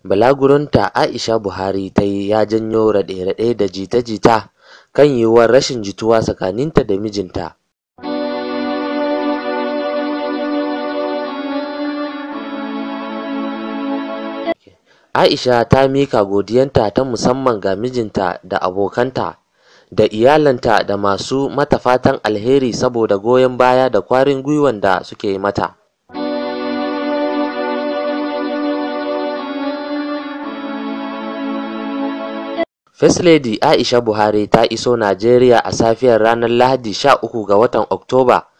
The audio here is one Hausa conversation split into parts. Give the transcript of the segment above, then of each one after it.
Balaguronta Aisha Buhari ta yi ya janyo raɗe-raɗe da jita-jita kan yiwuwar rashin jituwa tsakaninta da mijinta. Aisha ta mika godiyarta ta musamman ga mijinta da abokanta da iyalanta da masu mata fatan alheri saboda goyon baya da kwarin gwiwan da suke mata. First Lady Aisha Buhari ta iso Najeriya a safiyar ranar Lahadi 13 ga watan Oktoba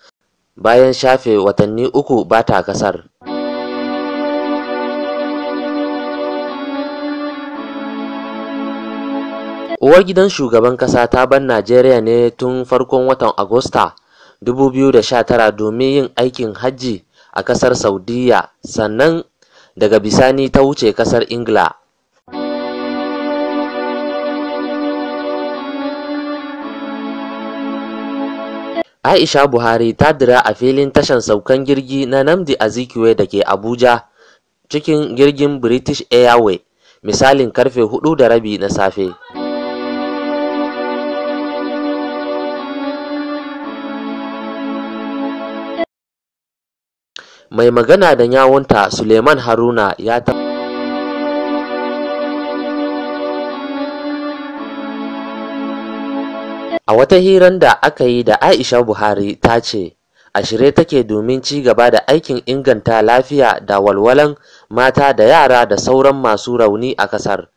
bayan shafe watanni uku ba ta kasar. Uwar gidan shugaban ƙasa ta ban Najeriya ne tun farkon watan Agusta 2019 domin yin aikin hajji a ƙasar Saudiyya sannan daga bisani ta wuce ƙasar Ingila. Aisha Buhari ta dira a filin tashan saukan jirgi na namdi Azikiwe da ke Abuja cikin jirgin British Airways misalin karfe rabi na safe. Mai magana da yawunta Suleman Haruna ya tabbatar. A wata hirar da aka yi da Aisha Buhari ta ce, a shirye take domin ci gaba da aikin inganta lafiya da walwalan mata da yara da sauran masu rauni a ƙasar.